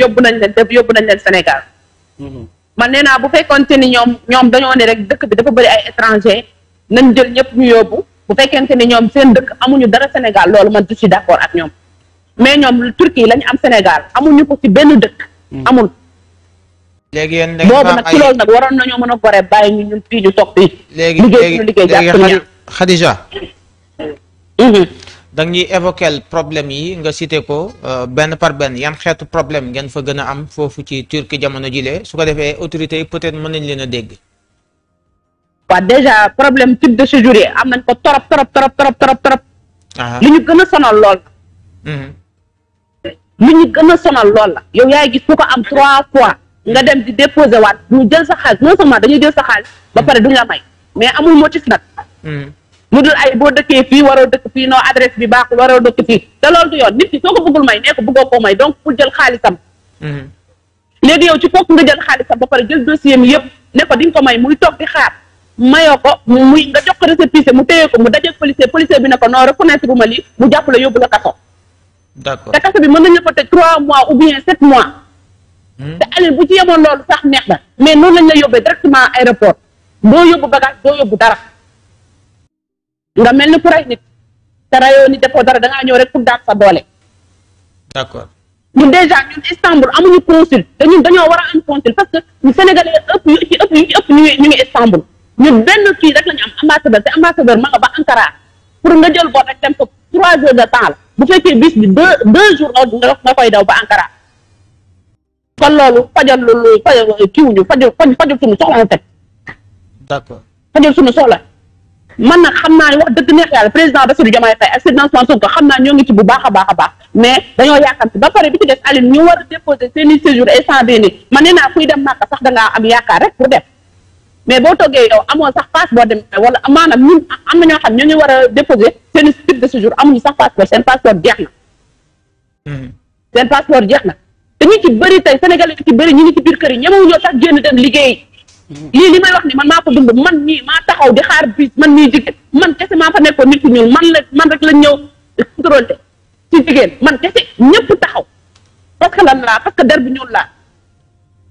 yóbbu nañ leen def yóbbu nañ leen Sénégal. Mhm. man nee naa bu fekkonte ni ñoom ñoom dañoo ne rek dëkk bi dafa bëri ay étranger nañ jël ñëpp ñu yóbbu bu fekkente ni ñoom seen dëkk amuñu dara Sénégal loolu man du ci d'accord ak ñoom mais ñoom Turquie lañu am Sénégal amuñu ko ci benn dëkk. Mhm. amul. léegi yéen léegi boobu nag ci loolu nag waroon nañoo mën a gore bàyyi ñu ñun fii ñu toog fii. léegi léegi léegi Khadija. Mhm. da ñuy évoquer problème yi nga cité ko euh, benn par benn yan xeetu problème ngeen fa gën a am foofu ci Turquie jamono jile su ko defee autorités yi peut-être mën nañ leen a dégg. waaw déjà problème type de séjour yi am nañ ko torop torop torop torop torop torop. li ñu gën a sonal lool. Mhm. li ñu gën a sonal lool la. yow yaay gis ku ko am trois fois nga dem di déposer waat ñu jël sa xaalis non seulement dañuy jël sa xaalis. ba mhm. pare duñ la may mais amul motif nag. Mhm. mu dul ay boo dëkkee fii waroo dëkk fii non adresse bi baaxul waroo dëkk fii te loolu du yoon nit ki soo ko bëggul may nee ko bëggoo koo may donc pour jël xaalisam mhm. léegi yow ci kooku nga jël xaalisam ba pare jël dossier mi yëpp ne ko di nga ko may muy toog di xaar mayoo ko muy nga jox ko récépissé mu téye ko mu dajeeg policier policier bi ne ko non reconnaître bu ma lii mu jàpp bi yóbbu la kaso d'accord te kaso bi mën ko tëj trois mois ou bien sept mhm. bu ci yemoon loolu sax neex na mais noonu lañ la yóbbee directement aéroport doo yóbbu bagage doo yóbbu dara nga mel ni ku rey nit te rayoo ni defoo dara da ngaa ñëw rek pour daat sa doole. d'accord ñun déjà ñun Istanbul amuñu consul dañu dañoo war a am consul parce que ñu sénégalais ëpp ñu ci ñu ñu ngi ñu ngi kii rek la ñu am ambassadeur te ambassadeur ma ba Ankara pour nga jël bor rek dem ko trois heures de temps bu fekkee bis bi deux deux jours nga nga koy daw ba Ankara kon loolu fajal lu fajal kiiwuñu fajal fajal suñu soxla en fait. d'accord fajal suñu soxla. man na xam naa ne wax dëgg neex yàlla président Bassirou Diomaye Faye ak président Ousmane Sonko xam naa ñoo ngi ci bu baax a baax a baax mais dañoo yaakamti ba pare bi ci des Aline ñu war a déposer seen i séjour instant bii nii man nee naa kuy dem Màkka sax a am yaakaar rek pour def mais boo toggee yow amoo sax passeport dem wala maanaam ñun am na ñoo xam ñoo ngi war a déposer seen titre de séjour amuñu sax passeport seen passeport jeex na hmm. seen passeport jeex na te ñu ci bëri tey sénégalais ñu ci bëri ñu ngi ci biir kër yi ñemewuñoo sax liggéey lii li may wax ni man maa ko dund man mii maa taxaw di xaar bis man mii jigéen man kese maa fa nekkoon nit ku ñuul man la man rek la ñëw contrôlé ci jigéen man kese ñëpp taxaw parce que lan laa parce que der bu ñuul laa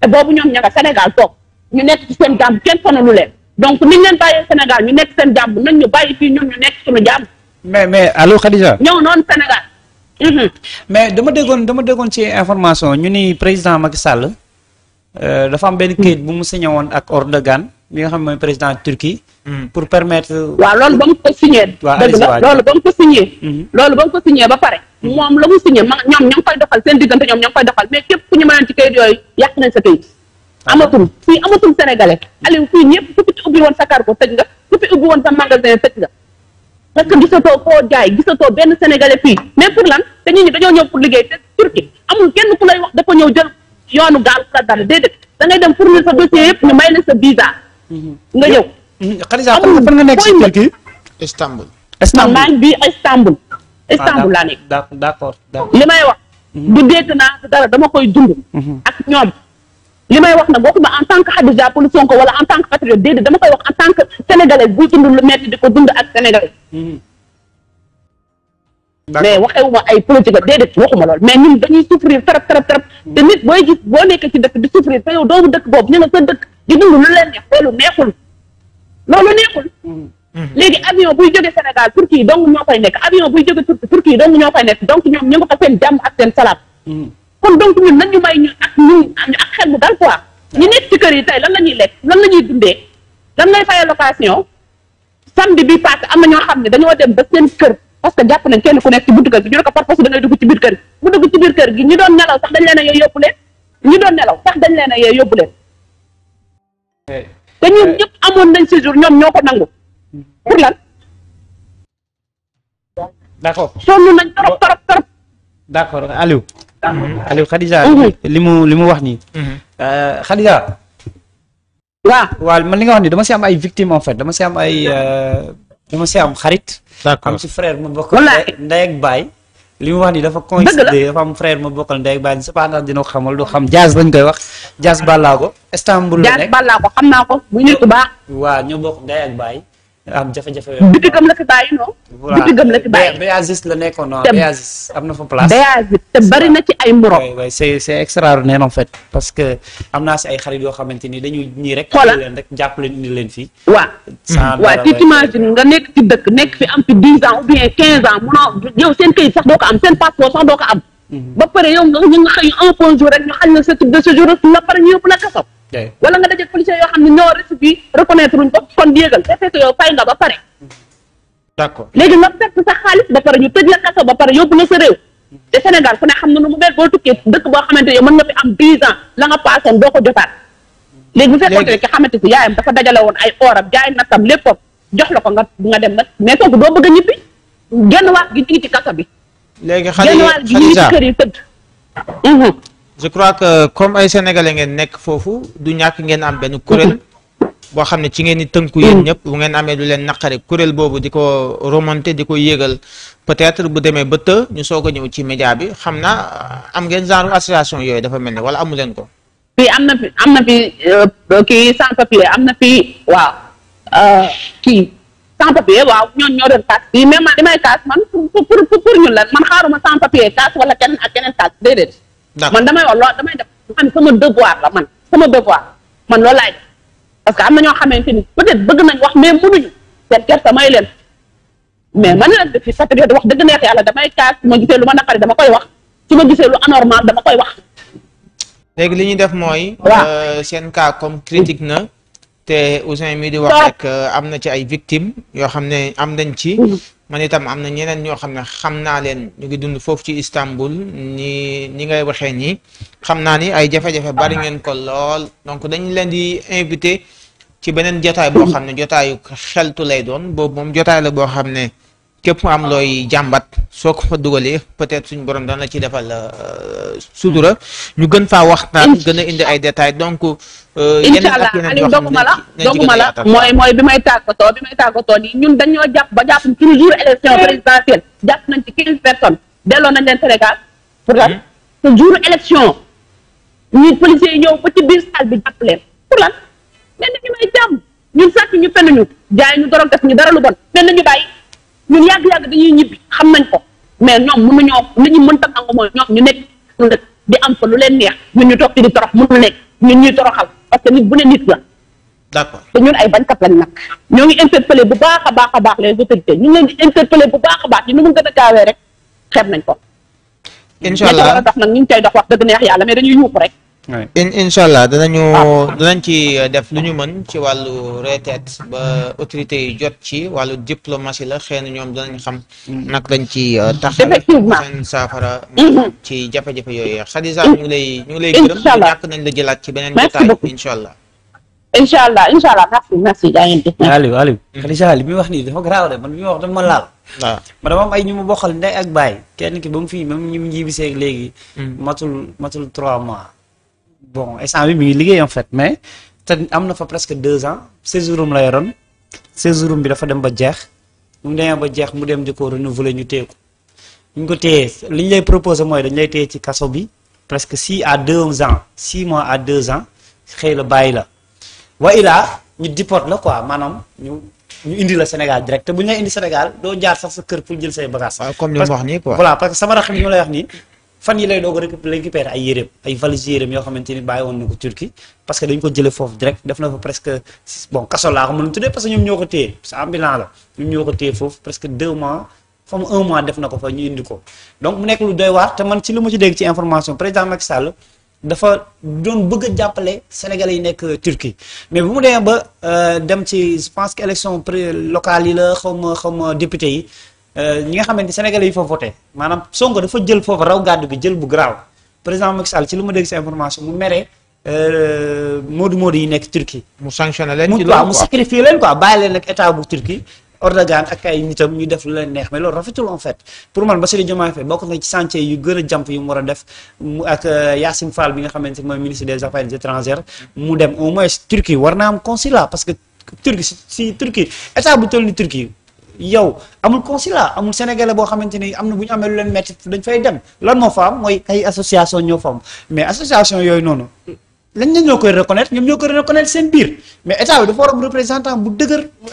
te boobu ñoom ña nga Sénégal toog ñu nekk ci seen jàmm kenn lu leen donc nit leen bàyyee Sénégal ñu nekk seen jàmm nañ ñu bàyyi fii ñun ñu nekk suñu jàmm. mais mais allo Khadija. ñëw noonu Sénégal. mais dama déggoon dama déggoon ci information ñu ni président Macky Sall. Euh, dafa am benn këyit bu mu signé woon ak Erdogan mi nga xam ne mooy président Turquie. Hmm. pour permettre. waaw loolu ba mu ko signé. loolu ba mu ko signé. Hmm. loolu ba mu ko signé ba pare. Hmm. moom la mu signé ma ñoom ña ngi koy doxal seen diggante ñoom ña ngi doxal mais képp ku ñu mënoon ci këyit yooyu yàq nañ sa këyit. Ah. amatul fii amatul sénégalais Aliou fii ñëpp ku fi ci woon sa cargo tëj nga ku fi ubbi woon sa magasin tëj nga. parce que gisatoo koo jaay gisatoo benn sénégalais fii mais pour dañoo ñëw pour liggéey kenn ku lay wax dafa ñëw jël yoonu gaal la dara déedéet da ngay dem fournir sa dossier yëpp ñu may la sa visa. Mhm. nga ñëw. Mhm. Khadija fan nga nekk si Turquie. Istanbul. Istanbul maa ngi bii Istanbul. Ah, Istanbul laa nekk. d'accord d'accord li may wax. Mhm. du dégg naa dara dama koy dund. ak ñoom li may wax nag waxuma en tant que Khadija pour Sonko wala en tant que patriote dama koy wax en tant que sénégalais buy dund lu di ko dund ak sénégalais. mais waxewuma ay politique ak déedéet waxuma lool mais ñun dañuy souffrir tarap tarap tarap te nit booy gis boo nekk ci dëkk di souffrir te yow doomu dëkk boobu ñu nga sa dëkk di dund lu leen neex loolu neexul loolu neexul hmm. Hmm. léegi avion buy jóge Sénégal Turquie donc ñoo koy nekk avion buy jóge Turquie donc ñoo koy nekk donc ñoom ñu nga ko seen jàmm ak seen salaam hmm. kon donc ñun nañ ñu may ñu ak ñu ak xel mu dal quoi ñu nekk ci kër yi tey lan la ñuy lekk lan la ñuy dundee lan lay fayee location samedi bi passé am na ñoo xam ne dañoo dem ba seen kër parce que jàpp nañ kenn ku nekk ci buntu kër gi ñu ne ko doon nelaw sax dañ leen a yee yóbbu leen doon nelaw sax dañ leen a yee yóbbu leen te ñun ñëpp amoon nañ séjour ñoom ñoo ko nangu pour lan d'accord sonn nañ trop trop trop d'accord Aliou Aliou Khadija mhm. li mu li mu wax nii mhm. euh, Khadija waaw man li nga wax nii dama si am ay victimes en fait dama si am ay euh, dama si am xarit. am si frère ma bokkal. ndey ak baay li mu wax nii dafa. coïncider dafa am frère ma bokkal ndey ak baay cependant dina ko xamal du xam Diaz lañ koy wax Diaz ko Istanbul la nekk Diaz ko xam naa ko bu nit ku baax. waaw ñu bokk ndey ak baay. am jafe-jafe bitigam la fi bàyyi noonu. voilà bitigam la fi bàyyi. Béazis la nekkoon non Béazis na fa te bari na ci ay morom. oui oui c'est c'est extraordinaire en fait. parce que am naa si ay xarit yoo xamante ni dañuy ñii rek. xoolal leen rek jàpp leen leen fii. waaw waaw nga nekk ci dëkk nekk fi am fi dix ans ou bien quinze ans munoo yow seen kayit sax doo ko am seen passeport sax doo ko am. Mhm. ba pare yow nga xëy un jour rek ñu xañ la sa titre de séjour la pare ñu yóbbu la kaso. wala nga dajeeg policiers yoo xam ne ñoo reçu bi reconnaître wuñ ko kon yéegal te fekk yow fay nga ba pare. d'accord léegi nga perte sa xaalis ba pare ñu tëj la kaso ba pare yóbbu na sa réew. te Sénégal fu ne xam na nu mu mel boo tukkee dëkk boo xamante ne mën nga fi am 10 ans la nga paasoon doo ko jotaat. léegi bu fekkoon ne ki xamante ne yaayam dafa dajale woon ay ooram jaay nattam léppam jox la ko nga nga dem nag mais kooku doo bëgg a ñibbi genn waat gi ñu ngi ci kaso bi. léegi xale yi xale yi sax genn waat gi ñu ngi ci kër yi je crois que comme ay sénégalais ngeen nekk foofu du ñàkk ngeen am benn kuréel boo xam ne ci ngeen di tënku mm. ñëpp bu ngeen amee lu leen naqare kuréel boobu di ko remonter di ko yégal peut-être bu demee ba të ñu soog a ñëw ci média bi xam naa am ngeen genre association yooyu dafa mel ne wala amu leen ko. am na am na fi kii euh, sans papier am na fi waaw euh, kii sans papier waaw ñooñu ñoo doon kaas fii mais man li may kaas man pour pour pour ñun man xaaruma sans papier kaas wala keneen ak keneen kaas déedéet. man damay wax loolu damay def man sama devoir la man sama devoir man loolu laay def parce que am na ñoo xamante ni peut-être bëgg nañ wax mais mënuñu seen kersa may leen mais man nag defi sa période wax dëgg neex yàlla damay kaas su ma gisee lu ma naqari dama koy wax si ma gisee lu anormal dama koy wax. léegi li ñuy def mooy. Euh, seen kaa comme critique na. te Ousin mii di wax rek euh, am na ci ay victimes yoo xam ne am nañ ci. Mm. man itam am na ñeneen ñoo xam ne xam naa leen ñu ngi dund foofu ci Istanbul ni ni ngay waxee nii xam naa ni ay jafe-jafe bari ngeen ko lool donc dañ leen di invité ci beneen jotaay boo xam ne jotaayu xeltu lay doon boobu moom jotaay la boo xam ne. képp am looy jàmbat soo ko fa dugalee peut-être suñu borom la ci defal euh, sudura hmm. ñu gën faa waxtaan gën a indi ay détails donc. Euh, incha allah Aliou doguma la doguma la mooy mooy bi may tàggatoo bi may tàggatoo nii ñun dañoo jàpp ba jàpp ci le jour élection hmm. présidentielle jàpp nañ ci quinze personnes delloo nañ leen Sénégal pour lan hmm. te jour élection ñu policiers yi ñëw ba ci biir salle bi jàpp leen pour lan nee nañu may jàmm ñun sàcc ñu fenn ñu jaay ñu dorog def ñu dara lu bon nee nañu bàyyi. ñun yàgg-yàgg dañuy ñibbi xam nañ ko mais ñoom mënuñoo li ñu mënta nangu mooy ñoom ñu nekk di am fa lu leen neex ñun ñu toog ci di torox mënul nekk ñun ñuy toroxal parce que nit bu ne nit la. d'accord te ñun ay kat lañ nag ñoo ngi interpellé bu baax a baax a baax les autorités ñu ngi leen di interpellé bu baax a baax ñu nu mu gën a gaawee rek xeeb nañ ko. incha allah dox nag ñu ngi koy dox wax dëgg neex yàlla mais dañuy yuuxu rek. in incha allah danañu ah. danañ ci euh, def lu ñu mën ci wàllu reteet ba autorité yi jot ci wàllu diplomatie la xëy na ñoom danañ xam mm. nag lañ ci euh, tax seen saafara mm-hmm. ci jafe-jafe yooyu Xadija ñu ngi lay ñu ngi lay gërëm nañ la jëlaat ci beneen jotaay incha allah incha allah incha allah merci mm-hmm. wax nii dafa garaaw de man bi ma laal waaw ma dama am ay ñu mu bokkal ndey ak baay kenn ki ba mu fii même ñu mu njiibisee léegi mm. matul matul trois mois bon instant bi mi ngi am na fa presque deux ans séjouram la yoroon séjouram bi dafa dem ba jeex mu demee ba jeex mu dem di ko renouveler ñu téye ko ñu ko téyee li ñu lay proposé mooy dañ lay téye ci kaso bi presque six à deux ans six mois à deux ans xëy la bàyyi la wa ilaa ñu dipot la quoi maanaam ñu ñu indi la Sénégal direct te bu ñu lay indi Sénégal doo jaar sax sa kër pour jël say bagages. waaw comme li mu wax nii quoi voilà parce que sama rax ñu lay wax nii. fan yi lay doog a récupérer ay yéreem ay valise yéreem yoo xamante ni bàyyi woon na ko Turquie parce que dañ ko jële foofu direct def na fa presque bon kaso laa ko mën a tuddee parce que ñoom ko téye foofu presque deux mois comme un mois def na ko fa ñu indi ko donc mu nekk lu doy waar te man ci lu ma ci dégg ci information président Macky Sall dafa doon bëgg a jàppale sénégal yi nekk Turquie mais bu mu demee ba euh, dem ci je pense que élection pré locale yi la xaw ma xaw ma député yi Euh, ñi nga xamante sénégalais yi fa voté maanaam Sonko dafa jël foofu raw gàddu gi jël bu garaaw président Macky Sall ci lu ma dégg si information mu mere euh, moodu moodu yi nekk Turquie. mu sanctionné leen ci waaw mu sacrifié leen quoi bàyyi leen bu ñu def lu leen neex mais loolu rafetul en fait pour man Bassirou Diomaye Faye bokk na ci chantier yu gën a jàmp yu mu war a def mu ak euh, Yassine Fall bi nga xamante ne mooy ministre des affaires étrangères mu dem au moins Turquie war naa am consulat parce que Turquie si Turquie état bu toll ni Turquie. yow amul consulat amul sénégalais boo xamante ni am na bu ñu amee lu leen metti dañ fay dem lan moo fa am mooy ay association ñoo fa yooyu noonu lañ na ñoo koy reconnaître ñoom ñoo koy reconnaître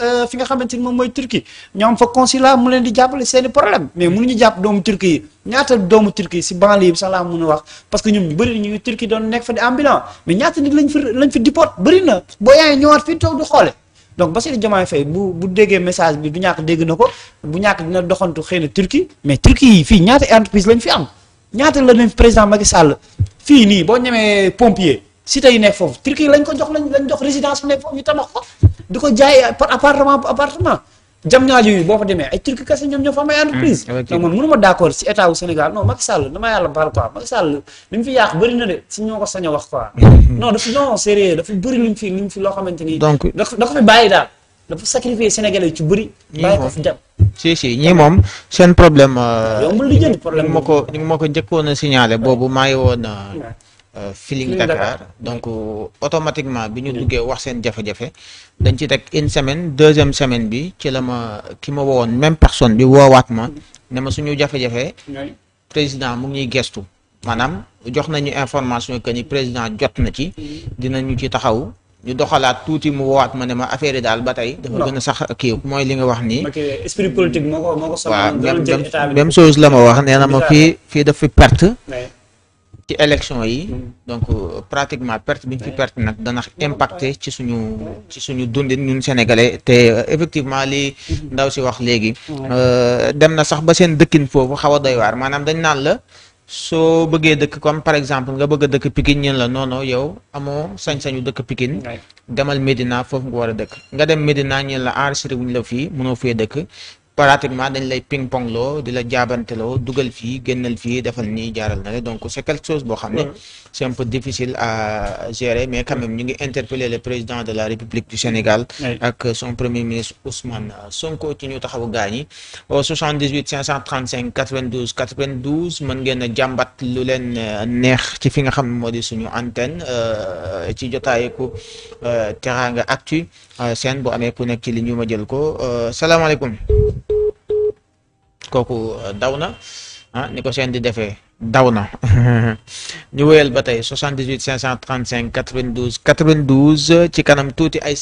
euh, moom mooy Turquie ñoo am fa consulat mu leen di jàppale seen i problème mais mënuñu jàpp doomu Turquie yi ñaata doomu Turquie si banlieue bi sax laa mën a wax parce que ñoom ñu bëri ñu Turquie doon nekk fa di ambulant mais ñaata nit lañ fi lañ fi dipot bëri na boo yaayee ñëwaat fii toog du xoole donc Bassirou Diomaye Faye bu bu déggee message bi du ñàkk dégg na ko bu ñàkk dina doxantu xëy na Turquie mais Turquie yi fii ñaata entreprise lañu fi am ñaata la leen président Macky Sall fii nii boo ñemee pompier si tey nekk foofu Turquie lañ ko jox lañ lañ jox résidence bu nekk foofu ñu tabax ko di ko jaay par appartement appartement jam ñaar yooyu boo fa demee ay turki kese ñoom ñoo fa am entreprise donc mm, ma d'accord si état wu Sénégal non Macky Sall dama mu fi yàq bëri na de si ñoo ko sañ a wax quoi mm-hmm. non dafa non sérieux dafa bëri lu mu fi loo xamante ni donc dafa fi bàyyi daal dafa sacrifier Sénégalais yu ci bëri bàyyi ko fi dem si si ñii moom seen problème yow mën li jënd problème ma ko ñu ma ko njëkkoon a signalé boobu maa ngi woon euh, Euh, feeling Dakar donc euh, automatiquement bi ñu duggee wax seen jafe-jafe dañ ci teg une semaine deuxième semaine bi ci la ma ki ma woowoon même personne bi woowaat ma ne ma suñu jafe-jafe président mu ngi ñuy gestu maanaam jox nañu information que ni président jot na ci ñu ci taxaw ñu doxalaat tuuti mu woowaat ma ne ma affaire daal ba tey dafa gën a sax kii mooy li nga wax nii esprit politique moo ko la ma wax nee na ma fii fii daf fi perte ci élection yi donc euh, pratiquement perte bi ñu fi perte nag dana impacté ci suñu ci suñu dundin ñun sénégalais te euh, effectivement li ndaw si wax léegi euh, dem na sax ba seen dëkkin foofu xaw day waar maanaam dañ naan la soo bëggee dëkk comme par exemple nga bëgg dëkk Pikine ñeen la non non yow amoo sañ-sañu dëkk Pikine demal Médina foofu nga war dëkk nga dem Médina ñeen la enregistré wuñ la fii mënoo fee dëkk paratiquement dañ lay ping pong loo di la jaabante loo dugal fii génnal fii defal nii jaaral na la donc c' est quelque chose boo xam ne c' est un difficile à gérer mais quand même ñu ngi interpeller le président de la république du Sénégal ak son premier ministre Ousmane Sonko ci ñu taxawu gaañ yi au 78 535 92 92 mën ngeen a jàmbat lu leen euh, neex ci fi nga xam moo di suñu antenne euh, ci euh, texaa nga Actu seen bu amee ku nekk ci li ñu ma jël ko salaamaaleykum kooku euh, daw na ah ni ko seen di defee daw na ñu wéyal ba tey 78 535 92 92 ci kanam tuuti ay